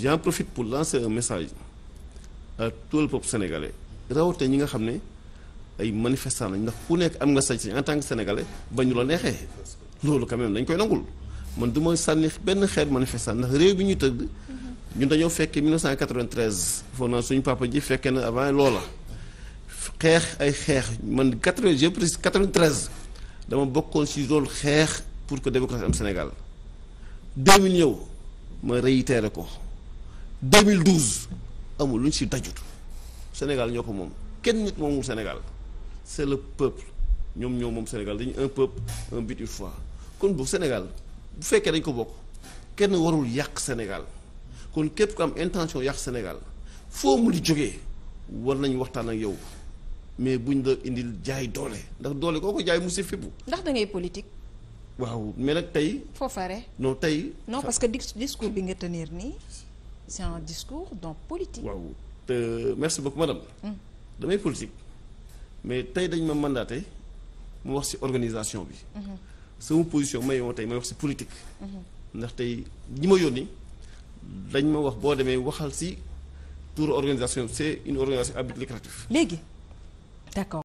j'en profite pour lancer un message à tout le peuple sénégalais ñi nga xam ne ay manifestant lañ ndax ku nekk am nga sañ-sañ en tant que sénégalais bañ ñu la neexee loolu quand même dañ koy nangul man du ma sànni benn xeet manifestant ndax réew bi ñu tëdd ñun dañoo fekkee 1993 foog naa suñu papa ji fekkee na avant loola xeex ay xeex man 80 j'ai pris 93 dama bokkoon si rôle xeex pour que démocratie am Sénégal 2000 ñëw ma ko. 2012 amul lu ñu si dajut Sénégal ñoo ko moom kenn nit moomul Sénégal c'est le peuple ñoom ñoo moom Sénégal dañu un peuple un but une foi kon bu Sénégal bu fekkee dañ ko bokk kenn warul yàq Sénégal kon képp ku am intention yàq Sénégal foo mu li jógee war nañu waxtaan ak yow mais bu buñ la indil jaay doole ndax doole koo ko jaay mu si fippu ndax da ngay politique. waaw mais nag tey. foo fare non tey. non parce que discours bi nga tenir nii. c'est un discours donc politique. waaw te merci beaucoup madame. Mm. damay politique mais tey dañ ma mandaté mu wax ci organisation bi. Mm-hmm. sama position may woo tey may wax ci politique. Mm-hmm. ndax tey ñi ma yónni dañ ma wax boo demee waxal ci tour organisation c'est une organisation à but léegi